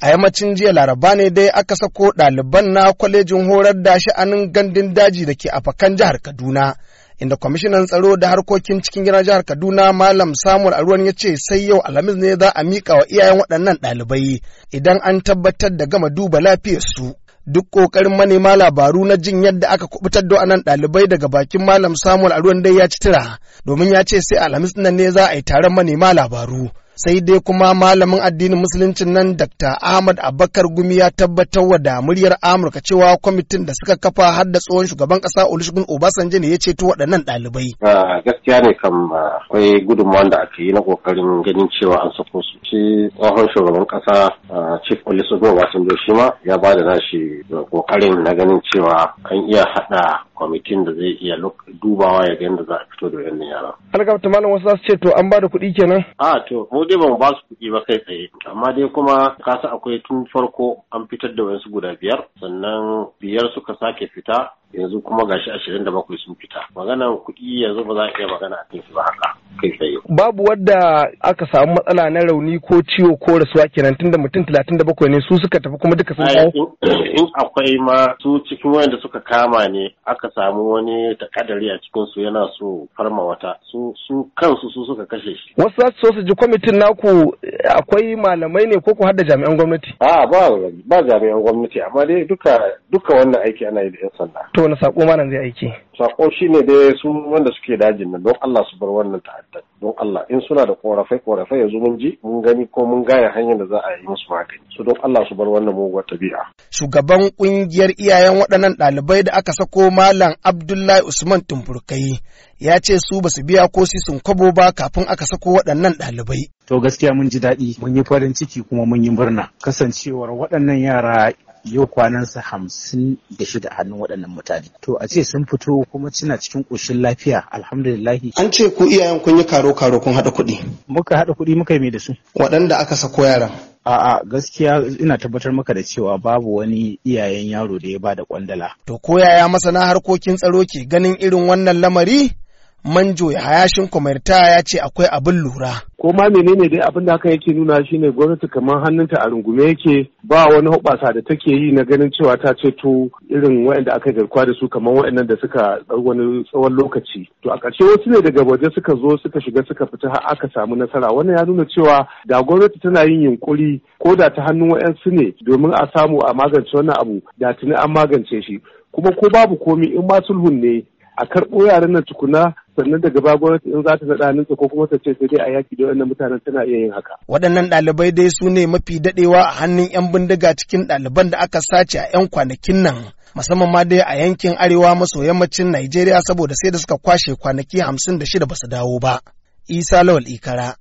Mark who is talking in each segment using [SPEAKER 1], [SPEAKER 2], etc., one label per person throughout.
[SPEAKER 1] A yammacin jiya laraba ne dai aka sako ɗaliban na kwalejin horar da sha'anin gandun daji da ke a fakan jihar Kaduna, inda kwamishinan tsaro da harkokin cikin gina jihar Kaduna Malam Samuel Aruwan ya ce sai yau Alhamis ne za a miƙa wa iyayen waɗannan ɗalibai idan an tabbatar da gama duba lafiyarsu. duk ƙoƙarin manema labaru na jin yadda aka kubutar da anan ɗalibai daga bakin malam samuel a dai ya ci tira domin ya ce sai alhamis nan ne za a yi taron manema labaru sai dai kuma malamin addinin musuluncin nan Dr. Ahmad Abakar Gumi ya tabbatar da muryar Amurka cewa kwamitin da suka kafa har da tsohon shugaban kasa Olusegun Obasanjo ne ya ce ceto waɗannan ɗalibai.
[SPEAKER 2] gaskiya ne kam akwai gudunmawar da aka yi na kokarin ganin cewa an sako su. Shi tsohon shugaban kasa chief olusogo obasanjo shi ma ya ba da nashi kokarin na ganin cewa an iya hada kwamitin da zai iya dubawa ya ga yadda za a fito da wannan yaran.
[SPEAKER 1] ta malam wasu za su ce to an ba da kuɗi kenan.
[SPEAKER 2] a to mu dai ba mu ba su kuɗi ba kai tsaye amma dai kuma kasa akwai tun farko an fitar da wasu guda biyar sannan biyar suka sake fita yanzu kuma gashi ashirin da bakwai sun fita maganar kuɗi yanzu ba za a iya magana a kai su ba haka. kai tsaye
[SPEAKER 1] babu wadda aka samu matsala na rauni ko ciwo ko rasuwa kenan da mutum talatin da bakwai ne su suka tafi kuma duka sun kawo
[SPEAKER 2] in akwai ma su cikin wanda suka kama ne aka samu wani takadari a cikinsu yana so farma wata su kansu su suka kashe shi wasu za su so su ji
[SPEAKER 1] kwamitin naku akwai malamai ne ko ku hada jami'an gwamnati
[SPEAKER 2] a ba ba jami'an gwamnati amma dai duka duka wannan aiki ana yi da yan sanda to wani sako
[SPEAKER 1] ma nan zai aiki
[SPEAKER 2] sako shine dai su wanda suke dajin nan don Allah su bar wannan ta'adda don Allah in suna da korafai korafai yanzu mun ji mun gani ko mun gane hanyar da za a yi musu magani su don Allah su bar wannan muguwar tabi'a
[SPEAKER 1] shugaban ƙungiyar iyayen waɗannan ɗalibai da aka sako malam Abdullahi Usman Tumfurkayi ya ce su basu biya ko sun kwabo ba kafin aka sako waɗannan
[SPEAKER 3] ɗalibai to gaskiya mun ji daɗi mun yi farin ciki kuma mun yi murna kasancewar waɗannan yara yau kwanansa hamsin da shida hannun waɗannan mutane to a ce sun fito kuma suna cikin ƙoshin lafiya alhamdulillahi an
[SPEAKER 1] ce ku iyayen kun yi karo karo
[SPEAKER 3] kun haɗa kuɗi muka haɗa kuɗi muka yi mai da su waɗanda aka sako yaran A'a gaskiya ina tabbatar maka da cewa babu wani iyayen yaro da ya bada kwandala. To
[SPEAKER 1] ko yaya masana harkokin tsaro ke ganin irin wannan lamari? manjo ya hayashin kwamarta ya ce akwai abin lura.
[SPEAKER 4] ko ma menene dai abin da haka yake nuna shine gwamnati kamar hannunta a rungume yake ba wani hubasa da take yi na ganin cewa ta ceto irin waɗanda aka garkuwa da su kamar waɗannan da suka ɗau wani tsawon lokaci to a ƙarshe wasu ne daga waje suka zo suka shiga suka fita har aka samu nasara wannan ya nuna cewa da gwamnati tana yin yunkuri ko da ta hannun waɗansu ne domin a samu a magance wannan abu da tuni an magance shi kuma ko babu komi in ma sulhun ne a karɓo yaran nan tukuna sannan daga ba gwamnati in za ta naɗa ninsa ko kuma ta ce sai dai a yaki da wannan mutanen tana iya yin haka.
[SPEAKER 1] Waɗannan ɗalibai dai su ne mafi daɗewa a hannun 'yan bindiga cikin ɗaliban da aka sace a 'yan kwanakin nan. musamman ma dai a yankin arewa maso yammacin Najeriya saboda sai da suka kwashe kwanaki hamsin da shida basu dawo ba. Isa Lawal Ikara,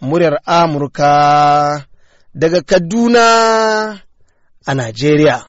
[SPEAKER 1] muryar Amurka daga Kaduna a Najeriya.